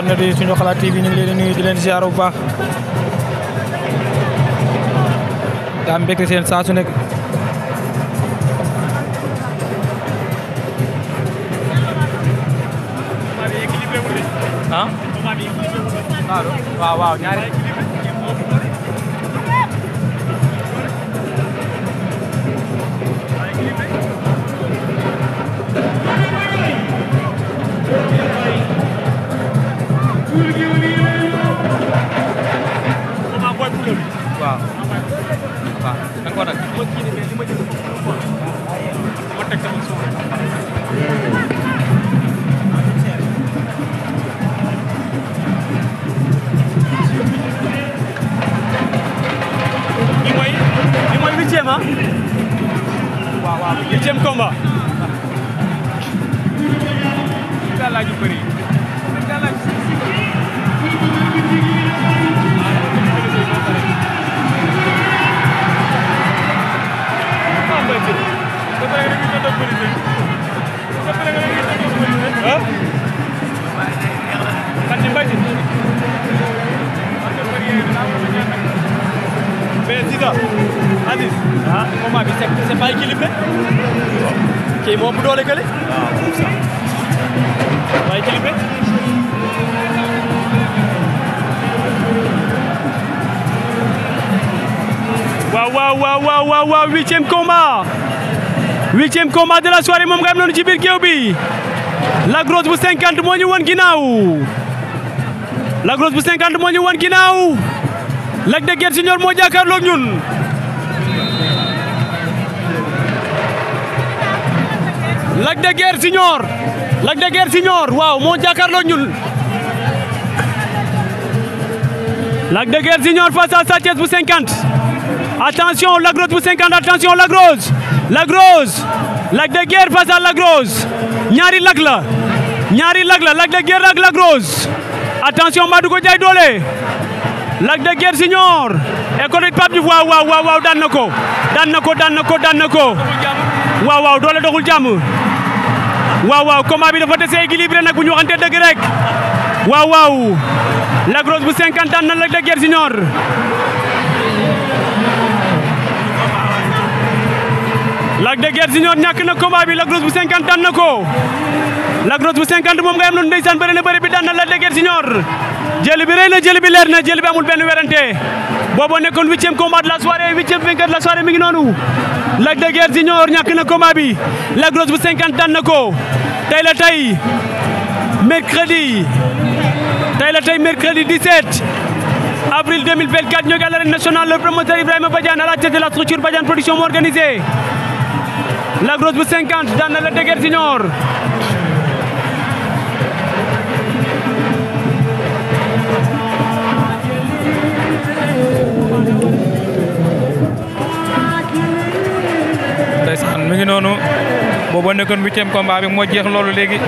internet yi suñu xalaat TV ñu ngi leen di nuyu di leen ziar bu baax daa mbégte seen saa su nekk ah waaw waaw ñaari da nga ko dagg. ma teg sama suuf bi mooy bi mooy huitième ah. waaw waaw huitième combat. daal laa ñu bëri. mais Ziza Aziz ah combat bi c' est pas équilibré. kii moo ëpp doole kële. waaw pas équilibré. waaw waaw waaw waaw waaw huitième combat. huitième combat de la soirée moom nga am noonu ci biir bi Lac bu 50 moo ñu won ginnaaw Lac Rose bu 50 moo ñu won ginnaaw Lac de Guiers Junior moo jàkkaarloog ñun Lac de Guiers Junior Lac de Guiers Junior waaw moo jàkkaarloog ñun Lac de Guiers Junior bu 50 attention Lac bu 50 attention Lac Lac Rose ñaari Lac la ñaari Lac la Lac de Guiers ak Lac Rose ko jaay doole Lac de Guiers senior école Pape Diouf waaw waaw waaw ko daan na ko daan ko daan ko waaw waaw doole doxul jàmm waaw waaw combat bi dafa dese équilibré nag bu ñu waxante dëgg rek bu 50 daan na Lac de Lac de Guiers Junior ñàkk na combat bi Lac Rose bu 50 na ko Lac Rose bu moom nga am noonu ndeysaan bëri na bëri bi daan na Lac de bi rëy na jëli leer na jëli bi amul benn werante boobu nekkoon huitième combat de la soirée huitième vainqueur de la mi ngi noonu Lac de Guiers Junior ñàkk na combat bi Lac Rose bu 50 na ko tey la tey mercredi tey la tey mercredi 17 avril 2024 ñoo ngi à l'arène nationale le promoteur Ibrahima Lac Rose bu 50 daan na la dëgër junior ndeysaan mi ngi noonu booba nekkoon huitième combat moo jeex loolu léegi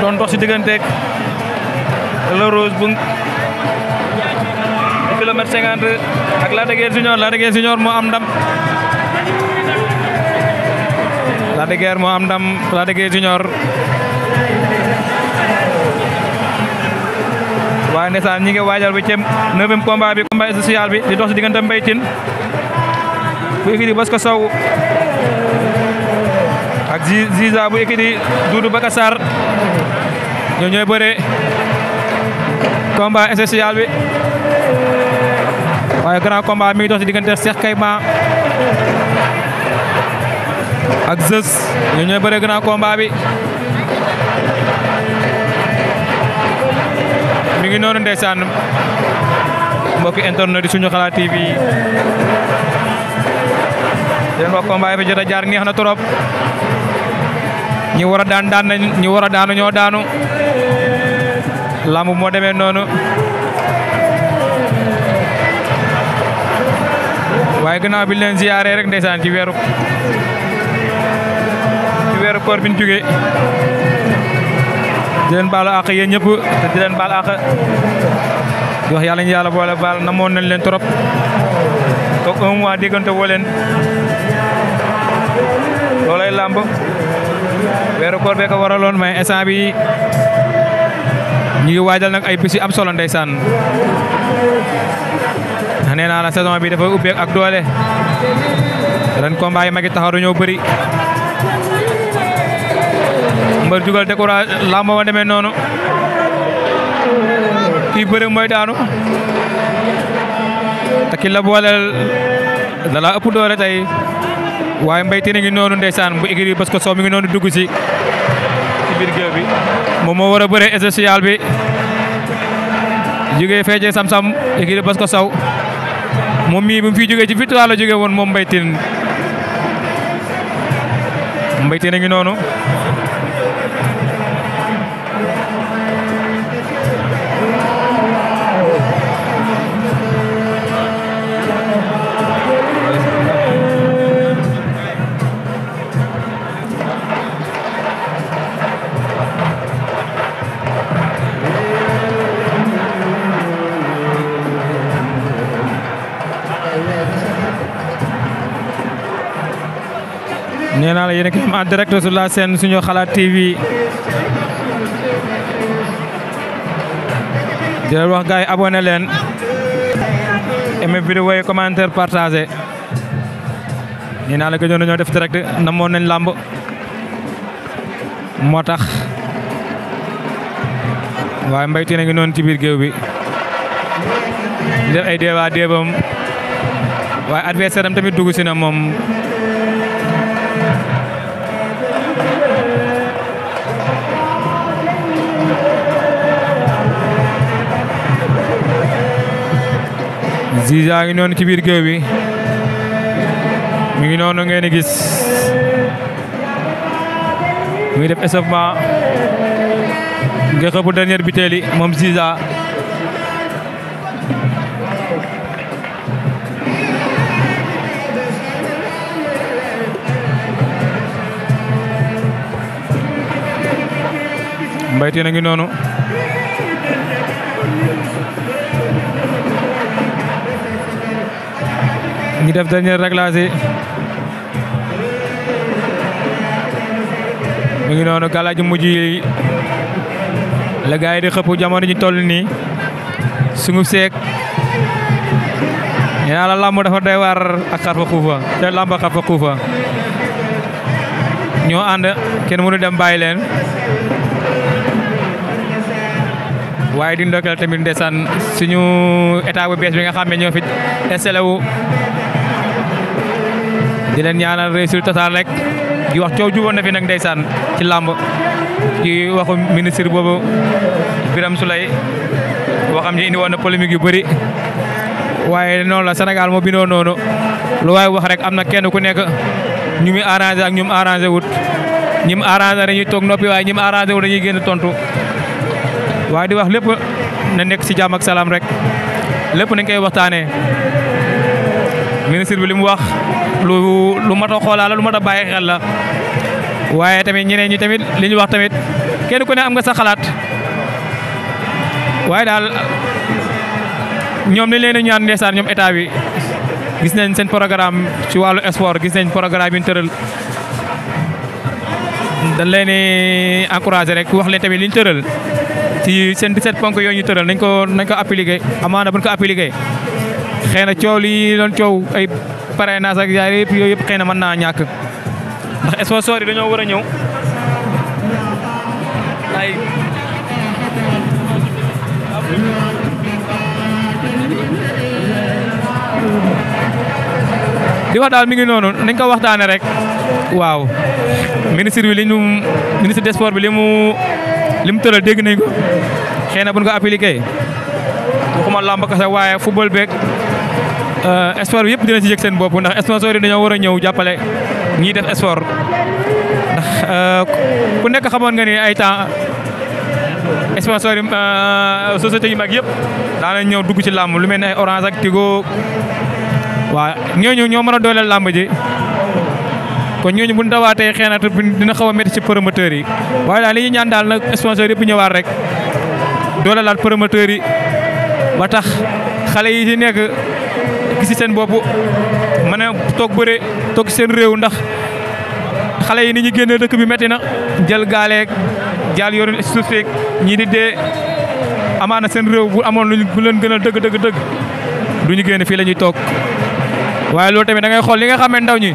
doon dox si digganteeg Lac Rose bu kilomètre 50 ak Lac de Guiers junior Lac de moo am ndam Lac de moo am ndam Lac de junior waaye ndeysaan ñi ngi waajal bi cem neuvième combat bi combat social bi di dox si diggante Mbaye Tine bu écurie Bosco Sow ak Ziza bu écurie Doudou Bakassar ñoo ñooy bëre combat social bi waaye grand combat mi dox si diggante Cheikh Kayma ak sës ñoo ñooy bëre grand combat bi mi ngi noonu ndeysaan mbokki internet di suñu xalaat TV yéen wax combat bi jot a jaar neex na trop ñi war a daan ñi war a daanu ñoo daanu lamb moo demee noonu waaye gannaaw bi leen ziyaare rek ndeysaan ci weeru koor bi ñu jógee di leen baalu àq yéen ñëpp te di leen baal àq di yàlla ñu yàlla boole baal namoon nañ leen trop toog un mois diggante woo leen loolay làmb weeru koor bee ko waraloon mais instant bi ñu ngi waajal nag ay bis yu am solo ndeysaan ndax nee naa la saison bi dafa ubbeek ak doole ren combat yi magi taxaw dañoo bëri mbër jugal décourage làmb demee noonu kii bëre mooy daanu te ki la booleel da laa ëpp doole tey waaye mbay tina ngi noonu ndeysaan bu igri parce que soo mi ngi noonu dugg si ci biir géew bi moom moo war a bëre spécial bi jógee feejee sam-sam igri parce que saw moom mii mu fii jógee ci victoire la jógee woon moom mbay tin mbay tina ngi noonu nee naa la yéen a ngi am direct sur la chaîne suñu xalaat TV di leen wax gars yi abonné leen aimé vidéo yi commentaire partagé nee naa la gëjoon nañoo def direct namoon nañ lamb moo tax waaye Mbaye Tine a ngi noonu ci biir géew bi def ay débat débam waaye adversaire tamit dugg na moom Ziz yaa ngi noonu ci biir géew bi mi ngi noonu ngeen gis mi ngi def échauffement nga xëpp dernière butéeli moom Ziza mbayte na ngi noonu ñu def dernier réglage yi mu ngi noonu galaaju mujj yi la gars di xëpp jamono ñu toll nii sunguf seek nee naa la làmb dafa doy waar ak xar fa xuufa te làmb xar fa xuufa ñoo ànd kenn mënu dem bàyyi leen waaye di ndokkeel tamit ndeysaan suñu état bu bees bi nga xam ñoo fi installé wu di leen ñaanal réussite totale rek di wax coow juboon na fi nag ndeysaan ci làmb ci waxu ministre boobu Birame Souleye waxam ji indi woon na polémique yu bëri waaye noonu la Sénégal moo bindoo noonu lu waaye wax rek am na kenn ku nekk ñu mu arrangé ak ñu mu arrangé wut ñi mu arrangé dañuy toog noppi waaye ñi mu arrangé wut dañuy génn tontu waaye di wax lépp na nekk ci jàmm ak salaam rek lépp nañ koy waxtaanee ministre bi wax. lu lu mat a xoolaa lu mat a bàyyi xel la waaye tamit ñeneen ñi tamit li ñu wax tamit kenn ku ne am nga sa xalaat waaye daal ñoom li leen di ñaan ndeysaan ñoom état bi gis nañ seen programme ci wàllu sport gis nañ programme bi ñu tëral dañ leen di encouragé rek wax leen tamit li ñu tëral ci seen 17 ponk yooyu ñu tëral nañ ko nañ ko appliqué amaana buñ ko appliqué xëy na coow li doon coow ay. parrainage ak yaay yëpp yooyu yëpp xëy na mën naa ñàkk ndax sponsor yi dañoo war a ñëw ay di wax daal mi ngi noonu nañ ko waxtaane rek waaw ministre bi li ñu ministre des bi li mu li mu tëral dégg nañ ko xëy na buñ ko appliqué waxuma làmb kese waaye football beeg Euh, sport bi yëpp dina ci yëg seen bopp ndax sponsor yi dañoo war a ñëw jàppale ñiy def sport ndax euh, nekk xamoon nga ni ay temps sponsor yi euh, société yi mag yëpp daanañ ñëw dugg ci làmb lu mel ne ay orange ak tigo waa ñëw ñoo mën a dooleel làmb ji kon ñooñu bu ñu dawaatee xëy na dina xaw a métti ci promoteur yi waaye daal li ñu ñaan daal nag sponsor yëpp ñëwaat rek doolelaat promoteur yi ba tax xale yi ci nekk. gis seen bopp mën a toog bëre toog seen réew ndax xale yi ni ñu génnee dëkk bi metti na jël gaaleeg jaal yoonu suuf seeg ñii di dee amaana seen réew bu amoon lu leen gën a dëgg dëgg dëgg du ñu génn fii la ñuy toog waaye loolu tamit da ngay xool li nga xam ndaw ñi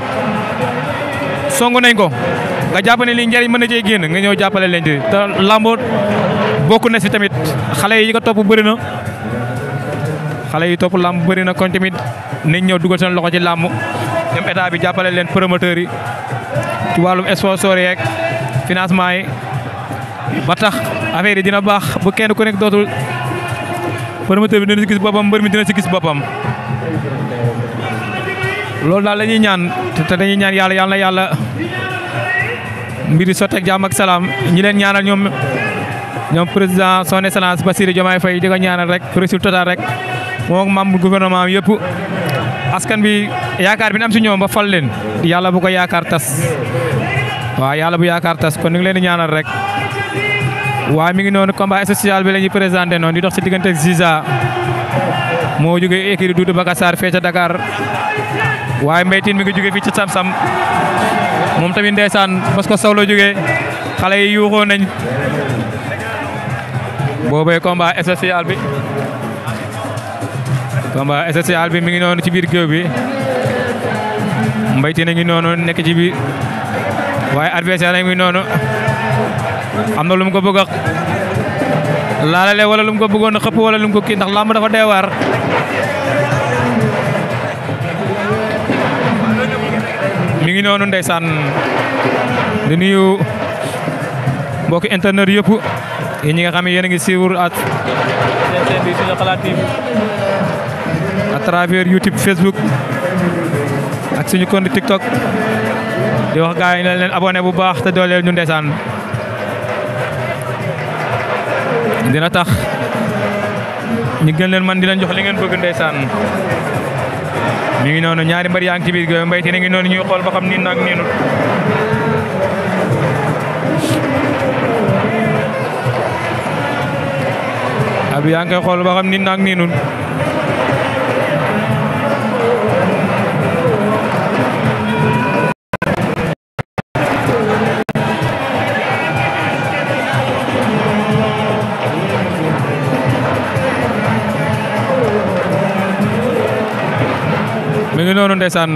song nañ ko nga jàpp ne lii njëriñ mën a jee génn nga ñëw jàppale leen ci te lambo bokk na si tamit xale yi ko topp bëri na xale yi topp làmb bëri na kon tamit ñëw dugal seen loxo ci làmb ñoom état bi jàppale leen promoteurs yi ci wàllum sponsor yeeg financement yi ba tax affaire dina baax bu kenn ku nekk dootul promoteur bi dina si gis boppam mbër mi dina si gis boppam loolu daal la ñuy ñaan te dañuy ñaan yàlla yàlla yàlla mbiri sotteeg jàmm ak salaam ñi leen ñaanal ñoom ñoom président son excellence Bassirou Diomaye Faye di ko ñaanal rek résultat rek moo membre gouvernement am yëpp askan bi yaakaar bi am si ñoom ba fal leen yàlla bu ko yaakaar tas waa yàlla bu yaakaar tas kon ñu ngi leen di ñaanal rek. waaye mi ngi noonu combat social bi la ñuy présenté noonu di dox si diggante ak Ziza moo jógee écurie Doudou ba fee ca Dakar waaye Mbaye Tine mi ngi jógee fii ci Sam Sam moom tamit ndeysaan parce que Sow la jógee xale yi yuuxoo nañ boobee combat social bi. combat spécial bi mi ngi noonu ci biir géew bi Mbaye Tine ngi noonu nekk ci biir waaye adversaire la ngi noonu am na lum ko bëgg a laalale wala lum ko bëggoon a xëpp wala lu ko kii ndax làmb dafa dee waar mi ngi noonu ndeysaan di nuyu mbokki internet yëpp yi ñi nga xam ne yéen a ngi suivre at seen travers YouTube Facebook ak suñu compte TikTok di wax gars yi leen abonné bu baax te doole ñu ndeysaan dina tax ñu gën leen man di leen jox li ngeen bëgg ndeysaan mi ngi noonu ñaari mbër yaa ngi ci biir géew mbay te ngi noonu ñuy xool ba xam niin ak yaa ngi koy xool ba xam niin ak niinut mi ngi noonu ndeysaan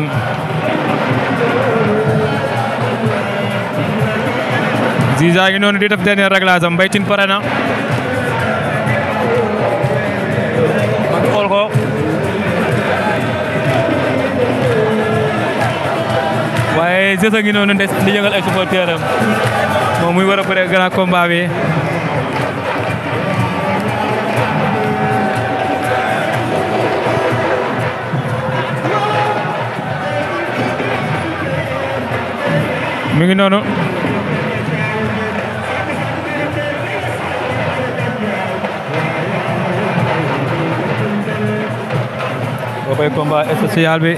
Ziza ngi noonu di def dernier réglage am Mbaye Tine pare na man xool ko waaye Ziza ngi noonu ndeysaan di yëngal ay supporteurs am moom muy war a bëre grand combat bi mi ngi noonu boobay komba spécial bi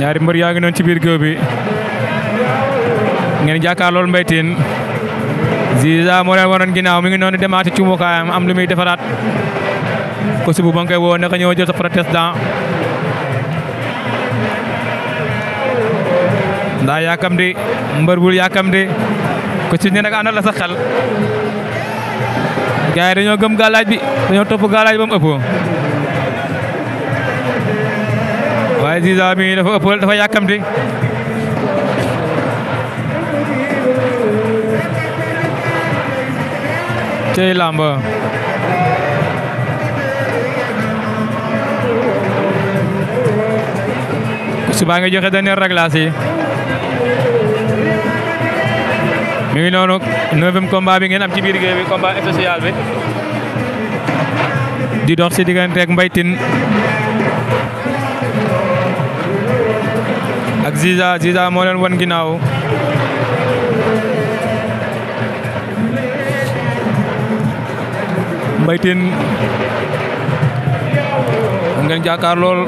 ñaari mbër yaa ngi noonu ci biir géew bi ngeen jàkkaar lool Mbaye Tine Ziza moo leen waroon ginnaaw mi ngi noonu demaati ci mukaayam am lu muy defaraat ko si bu bankoy woo naka ñëw jël sa protestant ndax yaakamti mbër bul yaakamti ku ci ne nag àndal la sa xel gars dañoo gëm galaaj bi dañoo topp galaaj ba mu ëpp waaye Ziza mi dafa ëpp dafa yàkkamti cey làmb su baa ngi joxe dernier réglage yi mi ngi noonu neuvième combat ngeen am ci biir géew bi combat spécial bi di dox si diggante ak Mbaye Tine ak Ziza Ziza moo wan ginnaaw Mbaye Tine ngeen jàkkaar lool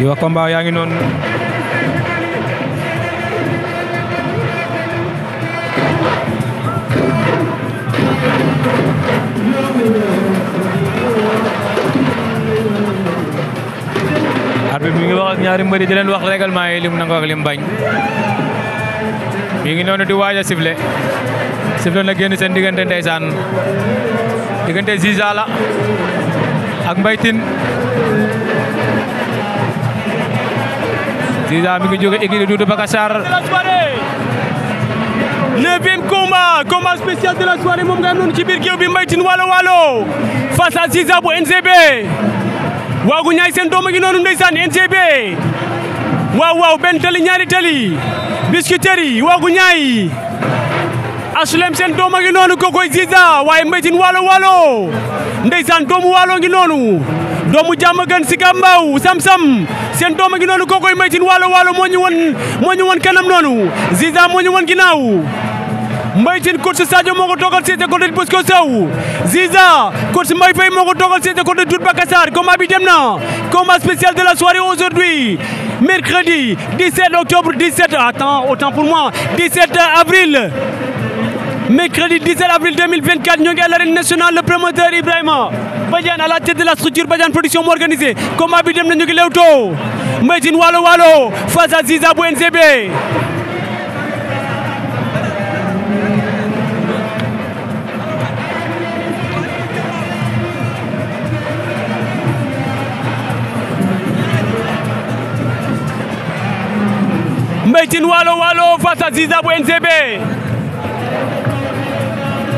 di wax combat yaa ngi noonu arbitre mi ngi wax ak ñaari mbëri di leen wax règlement yi lim nangu ak lim bañ ngi noonu di waaj a sifflé sifflé na génn seen diggante ndeysaan diggante ak mbaytin Ziza mi ngi jóge écurie Doudou Bakassar. neuvième combat combat spécial de la soirée moom nga am noonu ci biir géew Walo Walo face à bu NGB. waagu ñaay seen doom a ngi noonu ndeysaan NGB benn tali ñaari tali biscuiterie yi waagu ñaay asulem seen doom a ngi waaye Mbaye Tine Walo Walo ndeysaan doomu Walo ngi noonu. doomu jàmm gën si gàmbaaw sam-sam seen dooma ngi noonu kookoy maytin waalo waalo moo ñu won moo ñu won kanam noonu Ziza moo ñu won ginnaaw mbaytin coach Sadio moo ko toogal seete côté Bosco Sow Ziza coach Mbaye Faye moo ko toogal seete côté Doudou Bakassar combat bi dem na combat spécial de la soirée aujourd'hui mercredi 17 octobre 17 attends autant pour moi 17 avril mercredi 17 avril 2024 ñoo ngi à l'arène nationale le promoteur Badiane à la tête de la structure Badiane production moo organisé combat bi dem nañu ngi Leewtoo Mbaye Tine Walo Walo Walo face à Ziza bu NGB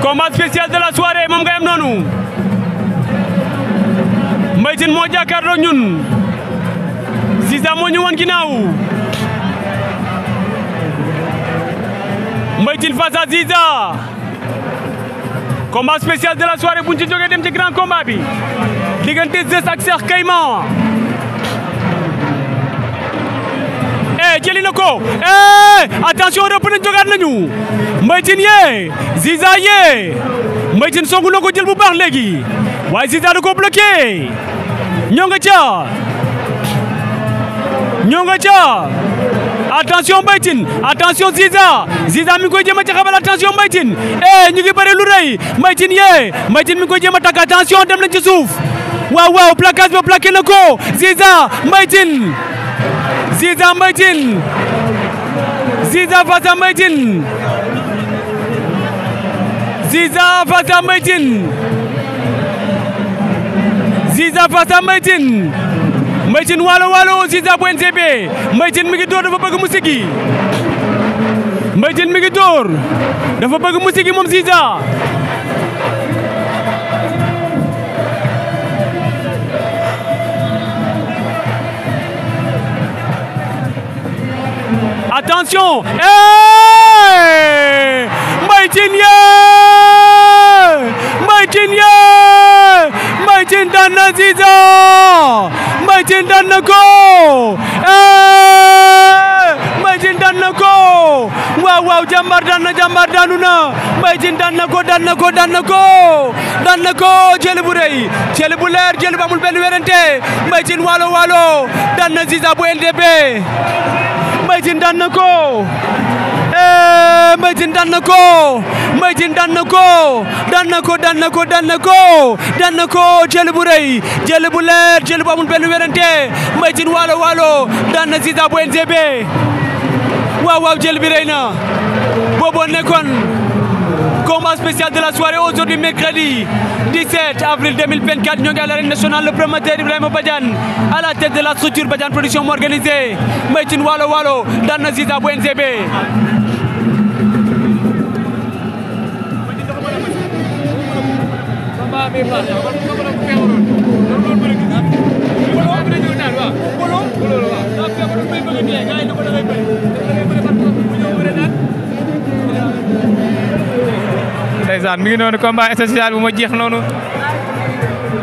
combat spécial de la soirée moom nga yem noonu Boy Sine moo jàkkaarloo ñun Ziza moo ñu woon ginnaaw Mbaye Tine face à Ziza combat spécial de la soirée bu ñu dem ci grand combat bi diggante Zeus ak Cheikh Kayma eh jëli na ko eh attention rëpp nañ jógaat nañu Mbaye Tine yee Ziza yee Mbaye Tine songu na ko jël bu baax léegi waaye Ziza da ko bloqué ñoo nga ca ñoo nga ca attention Mbaye Tine attention Ziza Ziza mi ngi koy jéem ca jaxabal attention Mbaye Tine eh ñu ngi bëre lu rëy Mbaye Tine yee Mbaye Tine mi ngi koy jéem a takk attention dem nañ ci suuf waaw waaw plaquage ba plaqué na ko Ziza Mbaye Tine Ziza Mbaye Tine Ziza face à Mbaye Tine Ziza face à Mbaye Ziza face à Mbaye Tine waalo waalo Ziza bu NCB Mbaye Tine mi ngi dóor dafa bëgg mu siggi Mbaye Tine mi ngi bëgg mu yee Mbaye yee Mbaye Tine daan na Ziza Mbaye Tine daan na ko eh! Mbaye Tine daan na ko waaw waaw jàmbaar daan na jàmbaar daanu na Mbaye Tine daan na ko daan na ko daan na ko daan na ko jëli bu rëy jëli bu leer jëli bu amul benn werante Mbaye Tine waalo waalo daan na Ziza bu LDB Mbaye Tine daan na ko Eh, Mbaye Tine daan na ko Mbaye Tine na ko daan na ko daan na ko daan na ko daan ko jël bu rëy leer jël bu amul benn werante Mbaye Tine waalo waalo daan na Ziza bu NGB waaw waaw jël bi rëy na booboo nekkoon combat spécial de la soirée aujourd'hui mercredi avril 2024 ñoo ngi à le promoteur Ibrahima Badiane à la de la structure Badiane production moo organisé Mbaye Tine waalo waalo daan na Ziza ndeysaan mi ngi noonu combat spécial bu ma jeex noonu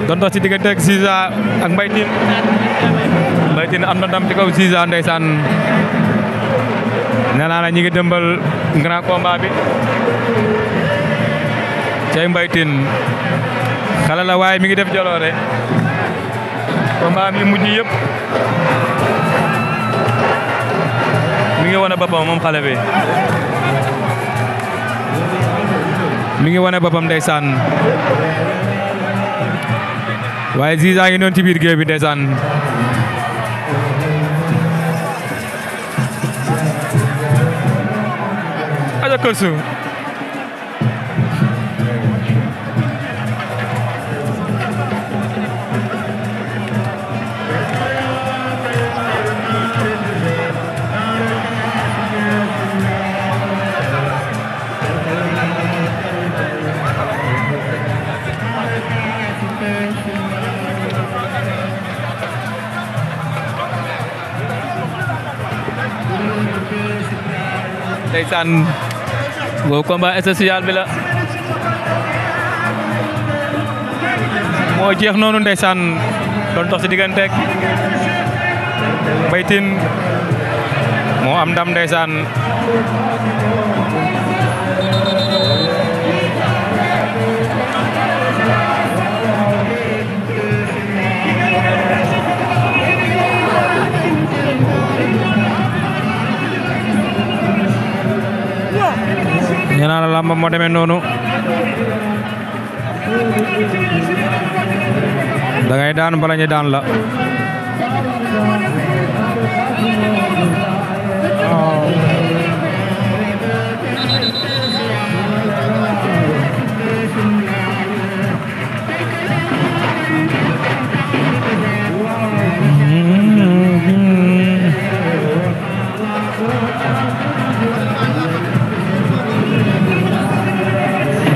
doon dox ci diggante ak Ziza ak mbay Tine Mbaye Tine am na ndam ci kaw Ziza ndeysaan nee naa la ñi ngi dëmbal grand combat bi cay Mbaye Tine xale la waaye mi ngi def jaloore combat yi mujj yëpp mi ngi wane boppam moom xale bi mi ngi wane boppam ndeysaan waaye Ziza ngi noon ci biir géew bi ndeysaan aja ndeysaan boobu bi la moo jeex noonu ndeysaan doon dox ci digganteeg Mbaye moo am ndam ndeysaan moom moo demee noonu da daan bala ñu daan la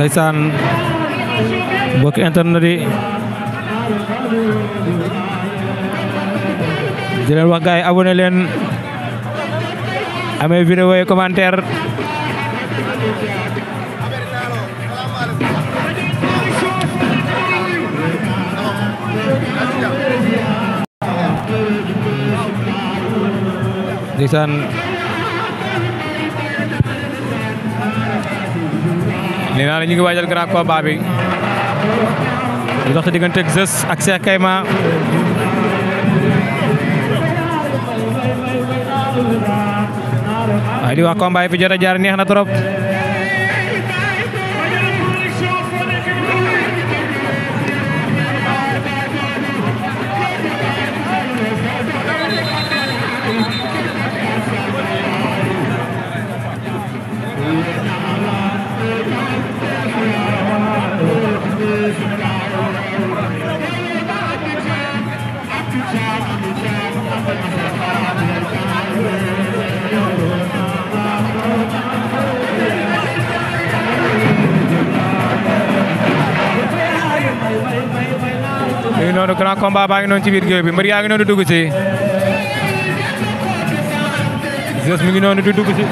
ndeysaan mbokki internet yi di leen wax gaay abonné leen amee vidéo yi commentaire ndeysaan nee naa la ñu ngi waajal grand combat bi di dox ci diggante ak Zeus ak Cheikh Kayma waaye di wax combat yi fi jot a jaar neex na trop noonu grand combat baa ngi noonu ci biir géew bi mbër yaa ngi noonu dugg si. Zeus mi ngi noonu di dugg si.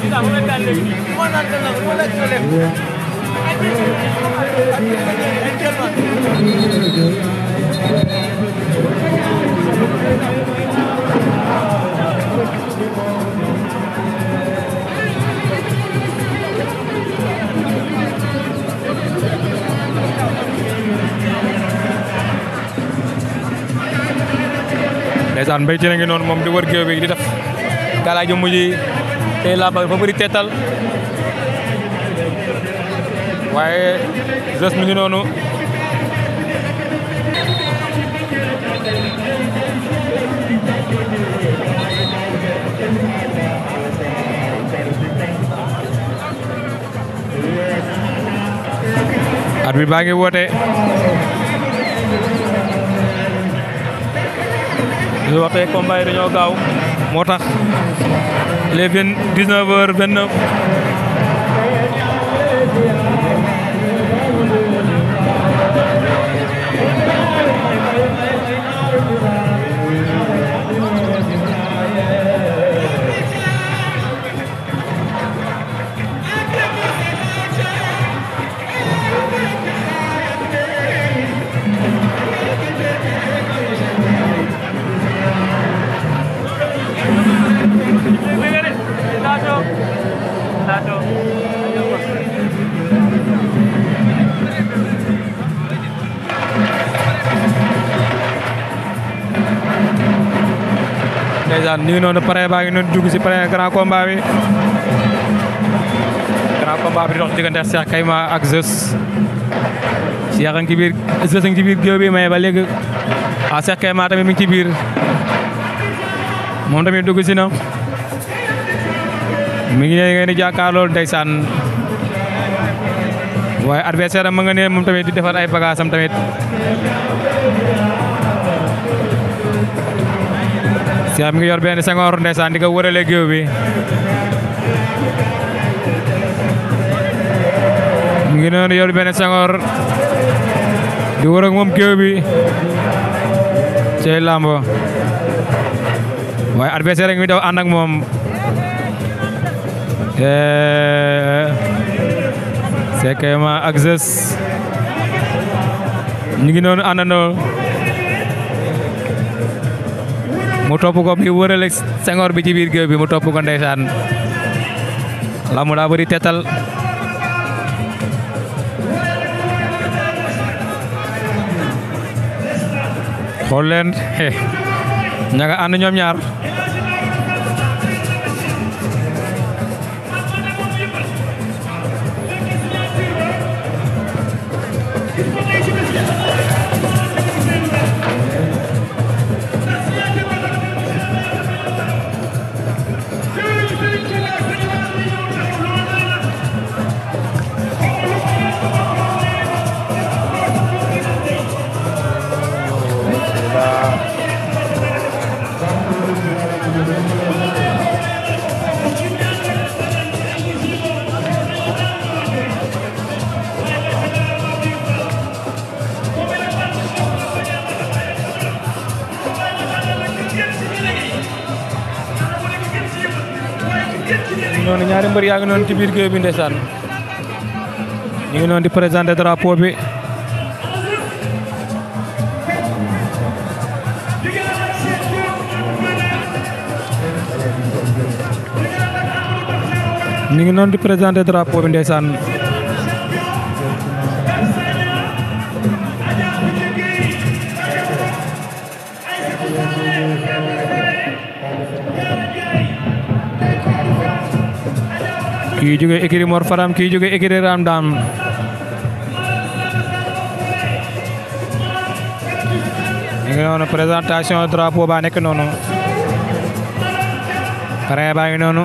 Kita mulai dari mana dulu, mulai dari ndeysaan mbéy tëra ngi noonu moom di wër géew bi di def galaaju laa bëgg fa bëri teetal waaye Zoss mi ngi noonu at bi baa ngi woote li waxtee combat yi dañoo gaaw moo tax les vingt dix ndeysaan ngi noonu pare baa ngi noonu dugg si pare grand combat bi grand combat bi dox diggante Cheikh Kayma ak Zeus Cheikh a ngi ci biir Zeus ngi ci biir géew bi may ba léegi ah, Kayma tamit mi ngi ci biir moom tamit dugg si mi ngi nee ngeen di jàkkaarloo ndeysaan waaye adversaire am ma nga ne moom tamit di defar ay bagaasam tamit Cheikh mi ngi yor benn sengoor ndeysaan di ko wërale géew bi mi ngi noonu yor benn sengoor di wër moom géew bi cey làmb waaye adversaire ngi daw ànd ak moom Sekema ak Zeus ñu ngi noonu àndandoo mu topp ko bi wërale sengoor bi ci biir géew bi mu topp ko ndeysaan lamu daa bëri tetal xool leen eh, ña nga ñoom ñaar mbër yaa ngi noonu ci biir géew bi ndeysaan ñu ngi noonu di présenté drapeau bi ñu ngi noonu di présenté drapeau bi ndeysaan kii jóge écurie Mor Fadam kii jóge écurie Ram Dam ñu ngi noonu présentation drapeau baa nekk noonu parrain baa ngi noonu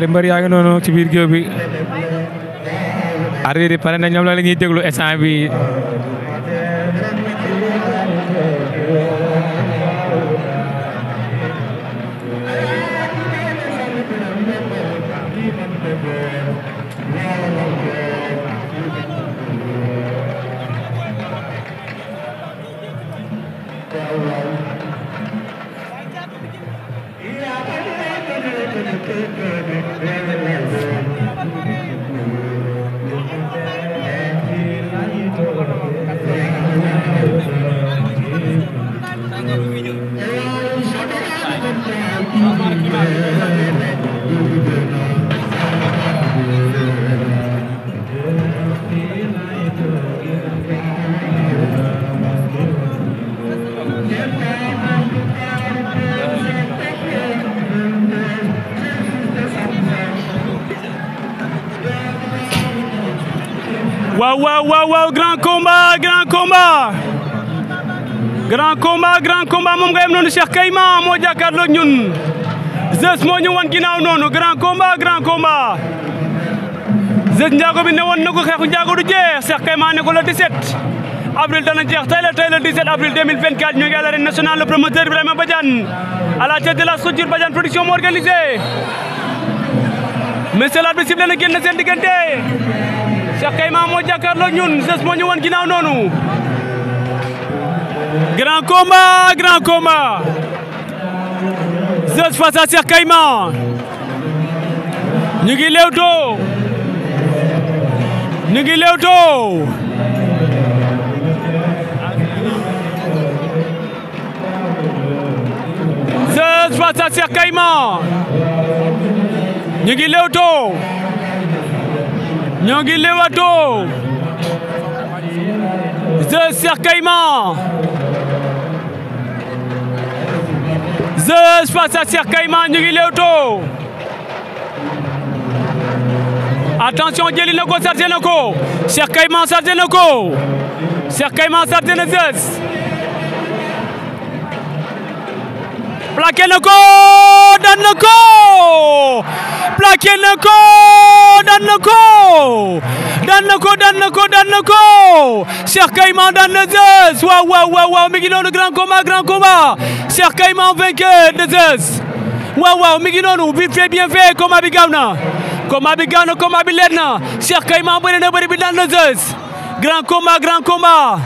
ñaari mbër yaa ngi noonu ci biir géew bi yi pare na ñoom la la ñuy déglu instant bi combat grand combat moom nga yem noonu Cheikh Kayma moo jàkkaarloo ak ñun Zeus moo ñu wan ginnaaw noonu grand combat grand combat. Zeus njaago bi ne woon na ko xeexu njaago du jeex Cheikh Kayma ne ko le 17 avril dana jeex tey la tey le 17 avril 2024 ñu ngi à l'arène nationale le promoteur Ibrahima Badiane à la tête de la structure Badiane production moo organisé. monsieur l'arbitre sifflé na génn seen diggante Cheikh Kayma moo jàkkaarloo ak ñun Zeus moo ñu wan ginnaaw noonu. grand combat grand combat Zeus face à Cheikh Caïman ñu ngi lewtoo ñu ngi lewtoo Zeus face à Cheikh Caïman ñu ngi lewtoo ñoo ngi lewatoo Zeus Zeus face à Cheikh Kayma ñu ngi léewtoo attention jëli ko sarté na ko Cheikh Kayma sarté na ko Cheikh Kayma sarté na Zeus plaqué na ko dan ko plaqué na ko dan ko daan na ko daan na ko daan na ko Cheikh mi ngi noonu grand combat grand combat Cheikh Caïman vainqueur de Zeus waaw waaw mi ngi noonu bi fait bien fait combat bi gaaw na bi gaaw na bi leer na Cheikh Caïman na bëri bi daan na grand combat grand combat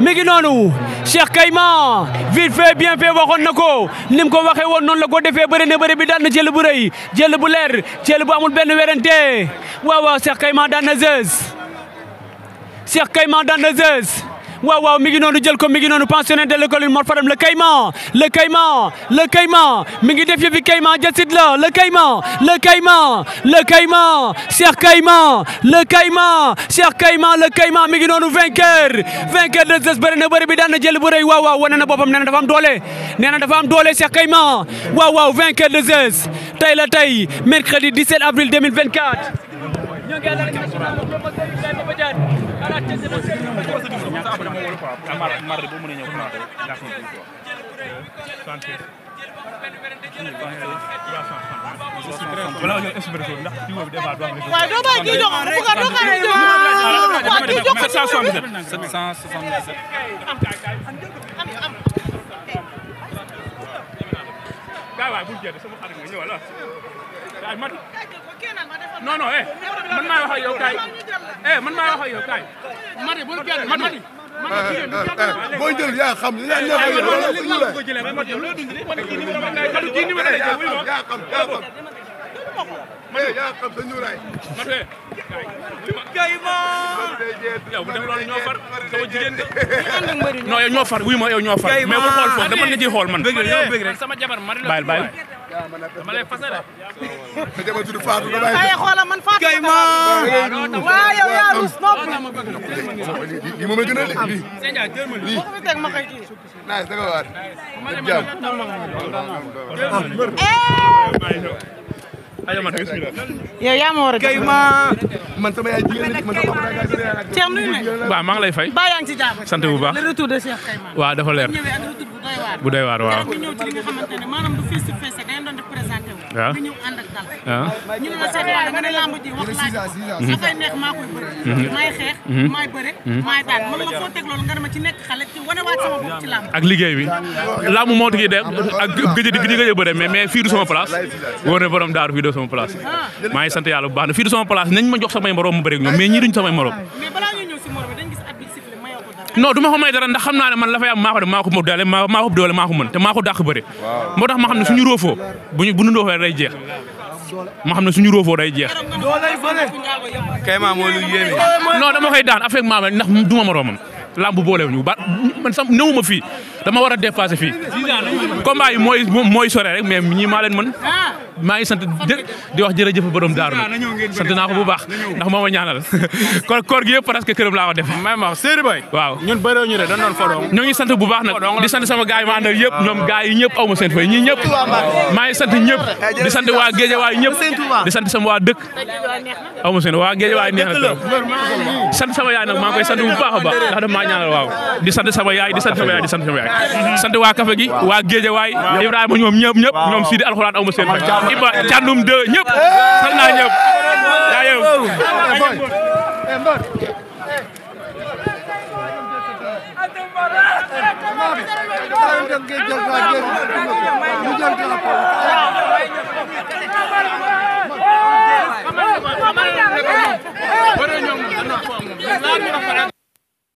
mi ngi noonu Cheikh Kayma vite fait bien fait waxoon na ko ni ko waxee woon noonu la ko defee bëri na bëri bi daan na jël bu rëy jël bu leer jël bu amul benn werante waaw waaw Cheikh Kayma daan na Zeuz Cheikh Kayma daan na waaw waaw mi ngi noonu jël ko mi ngi noonu pensionnaire de l'école Mor Fadam le Caïman le Caïman le kayma mi ngi def yëfi Caïman jësit la le Caïman le Caïman le Caïman Cheikh Caïman le Caïman Cheikh la le Caïman mi ngi noonu vainqueur vainqueur de Zes bëri na bëri bi daan na jël bu rëy waaw waaw wane na boppam nee na doole nee na dafa am doole Cheikh Caïman waaw waaw vainqueur de Zes tey la tey mercredi 17 avril 2024. ñoo ngi àndal ak national waaye doo bàyyi kii jox ko bu ko doo ko rek waaw kii jox ko 777 777 non non eh man maa wax ak yow kaay eh man maa wax ak yow kaay. Madi bul kenn man Madi. boo jël yaa xam yaa ñëw ak yow loolu la ñu lay. Madi kii numéro lay jël yaa xam yaa xam. Madi yaa xam sa ñuulaay. Madi kay ma. yow bu def loolu ñoo far sama jigéen de. non yow ñoo far wuy ma yow ñoo far. mais bu xool foofu dama nga ciy xool man. sama jabar Madi la. bàyyil bàyyil. dama lay fas yéene. te jamono tudd Fatou damay. waaye xoolal man Fatou. kay ma waaw yow yaa rus noppi. lii moom la gën a lii. lii. naaj dama waat. jàmm. yow yaa ma war a kay ma man sama yaay maa ngi lay fay baa yaa ngi ci jàmm bu baax le retour de dafa leer bu doy waar waaw waaw ñu ànd ak dal. lamb ji wax laaj ko. dafay neex maa koy bëri. Mhm. Mhm. xeex. Mhm. maay bëre. maay daan man ma foo teg loolu nga ne ma ci nekk xale ci wane waat sama bopp ci lamb. ak liggéey bi lamb moo tax dem ak gëj a gëj a bëre mais mais fii du sama place. wóor na borom daaru fii du sama place. Ah. maa ngi sant yàlla bu baax fii du sama place nañ ma jox samay morom mu bëri ak ñoom mais ñii duñ samay morom. noo du ma ko may dara ndax xam naa ne man la fay am maa ko def maa ko ëpp doole maa ko ëpp doole ko mën te maa ko dàq bëre moo tax ma xam ne suñu roofoo buñu bu ñu roofoo day jeex ma xam na suñu roofoo day jeex kayma moo lu yéeme non dama koy daan afek maama ndax du ma moroomam lamb boolewuñu ba man sam néewu ma fii dama war a dépasser fii combat mooy mooy sore rek mais ñii maa leen mën maa ngi sant di wax jërëjëf borom daaru nag sant naa ko bu baax ndax moo ma ñaanal kon koor gi yëpp parce que laa ko def may bu baax nag di sant sama gaay yi ma àndal yëpp ñoom gaay yi ñëpp aw ma seen fay ñii ñëpp maa ngi sant ñëpp di sant waa Géejawaay ñëpp di sant sama waa dëkk aw ma seen waa Géejawaay neex na sama yaay nag maa ngi koy sant bu baax a baax ndax daf maa ñaanal waaw di sant sama yaay di sant sama yaay sant waa kafe gi waa géeja waay Ibrahima ñoom ñëpp ñëpp ñoom Sidi alxuraan aw ma seen fay Iba Thiandoum 2 ñëpp sant naa ñëpp